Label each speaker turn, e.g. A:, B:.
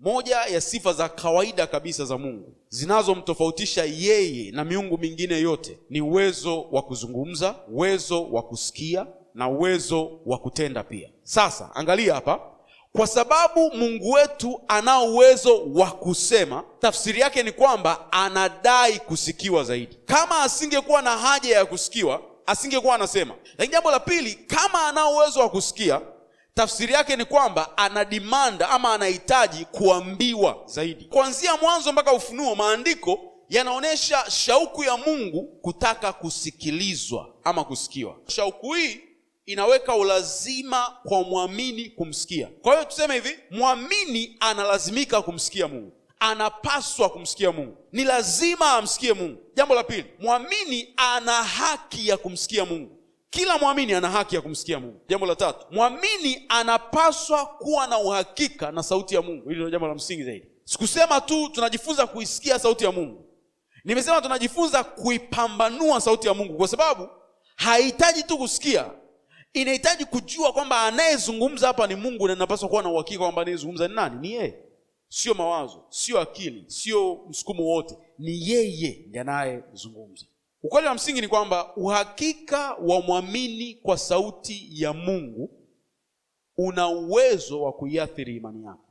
A: Moja ya sifa za kawaida kabisa za Mungu zinazomtofautisha yeye na miungu mingine yote ni uwezo wa kuzungumza, uwezo wa kusikia na uwezo wa kutenda pia. Sasa angalia hapa, kwa sababu Mungu wetu anao uwezo wa kusema, tafsiri yake ni kwamba anadai kusikiwa zaidi. Kama asingekuwa na haja ya kusikiwa, asingekuwa anasema. Lakini jambo la pili, kama anao uwezo wa kusikia Tafsiri yake ni kwamba ana ama anahitaji kuambiwa zaidi. Kuanzia Mwanzo mpaka Ufunuo, maandiko yanaonyesha shauku ya Mungu kutaka kusikilizwa ama kusikiwa. Shauku hii inaweka ulazima kwa mwamini kumsikia. Kwa hiyo tuseme hivi, mwamini analazimika kumsikia Mungu, anapaswa kumsikia Mungu, ni lazima amsikie Mungu. Jambo la pili, mwamini ana haki ya kumsikia Mungu. Kila mwamini ana haki ya kumsikia Mungu. Jambo la tatu, mwamini anapaswa kuwa na uhakika na sauti ya Mungu. hili ndio jambo la msingi zaidi. Sikusema tu tunajifunza kuisikia sauti ya Mungu, nimesema tunajifunza kuipambanua sauti ya Mungu, kwa sababu hahitaji tu kusikia, inahitaji kujua kwamba anayezungumza hapa ni Mungu, na ninapaswa kuwa na uhakika kwamba anayezungumza ni nani? Ni yeye, sio mawazo, sio akili, sio msukumo wote, ni yeye ndiye anayezungumza. Ukweli wa msingi ni kwamba uhakika wa mwamini kwa sauti ya Mungu una uwezo wa kuiathiri imani yako.